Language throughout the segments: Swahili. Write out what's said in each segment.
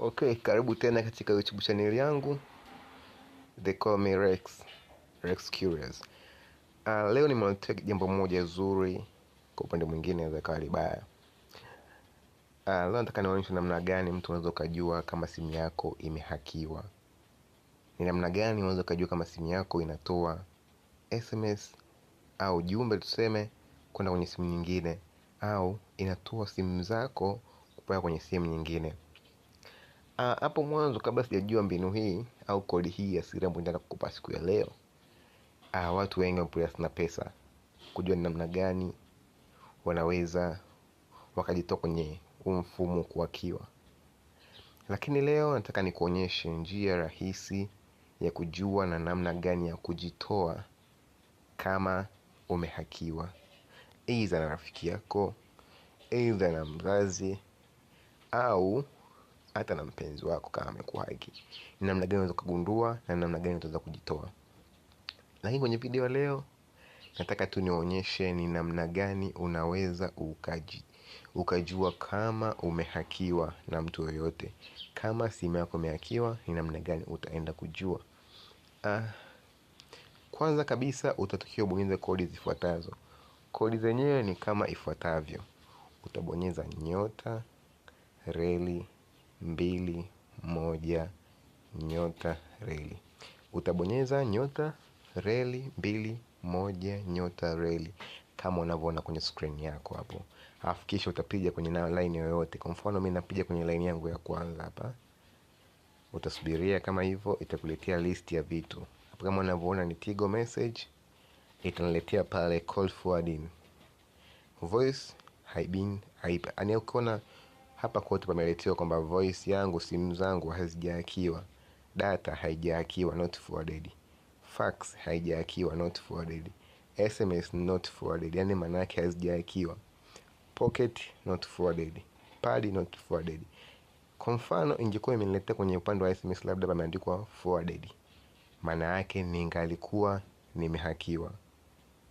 okay karibu tena katika youtube channel yangu the call me rex rex curious uh, leo nimeletea jambo moja zuri kwa upande mwingine aweza kawa libaya uh, ah, leo nataka nionyeshe namna gani mtu unaweza ukajua kama simu yako imehakiwa ni namna gani unaweza ukajua kama simu yako inatoa sms au jumbe tuseme kwenda kwenye simu nyingine au inatoa simu zako kupaka kwenye simu nyingine Ah, hapo mwanzo kabla sijajua mbinu hii au kodi hii ya siri ambayo nataka kukupa siku ya leo aa, ah, watu wengi wamepotea sana pesa kujua ni namna gani wanaweza wakajitoa kwenye umfumo kuwakiwa lakini leo nataka nikuonyeshe njia rahisi ya kujua na namna gani ya kujitoa kama umehakiwa eidha na rafiki yako eidha na mzazi au hata na mpenzi wako kama amekuhaki, ni namna gani unaweza kugundua na namna gani utaweza kujitoa. Lakini kwenye video leo nataka tu niwaonyeshe ni namna gani unaweza ukaji, ukajua kama umehakiwa na mtu yoyote. Kama simu yako imehakiwa, ni namna gani utaenda kujua? Ah, kwanza kabisa utatakiwa ubonyeze kodi zifuatazo. Kodi zenyewe ni kama ifuatavyo: utabonyeza nyota reli mbili moja nyota reli. Utabonyeza nyota reli mbili moja nyota reli kama unavyoona kwenye screen yako hapo, alafu kisha utapiga kwenye nayo line yoyote. Kwa mfano mimi napiga kwenye line yangu ya kwanza hapa, utasubiria kama hivyo, itakuletea list ya vitu hapo. Kama unavyoona ni Tigo message, itaniletea pale call forwarding voice haibin haipa, yani ukiona hapa kwetu pameletewa kwamba voice yangu simu zangu hazijaakiwa data haijaakiwa not forwarded, fax haijaakiwa not forwarded, sms not forwarded, yani maana yake hazijahakiwa, pocket not forwarded, pad not forwarded. Kwa mfano ingekuwa imeniletea kwenye upande wa sms labda pameandikwa forwarded, maana yake ningalikuwa nimehakiwa.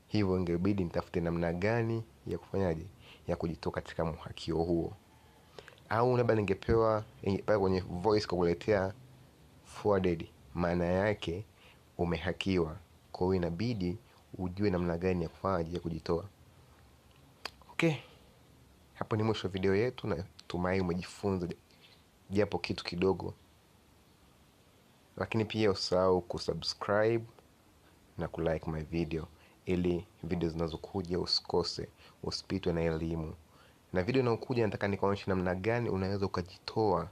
Hivyo ingebidi nitafute namna gani ya kufanyaje, ya kujitoa katika mhakio huo au labda ningepewa eh, pale kwenye voice kwa kuletea forwarded, maana yake umehakiwa. Kwa hiyo inabidi ujue namna gani ya kufanya ya kujitoa. Okay, hapo ni mwisho wa video yetu, na tumai umejifunza japo kitu kidogo, lakini pia usahau kusubscribe na kulike my video ili video zinazokuja usikose, usipitwe na elimu na video inayokuja nataka nikaonyesha namna gani unaweza ukajitoa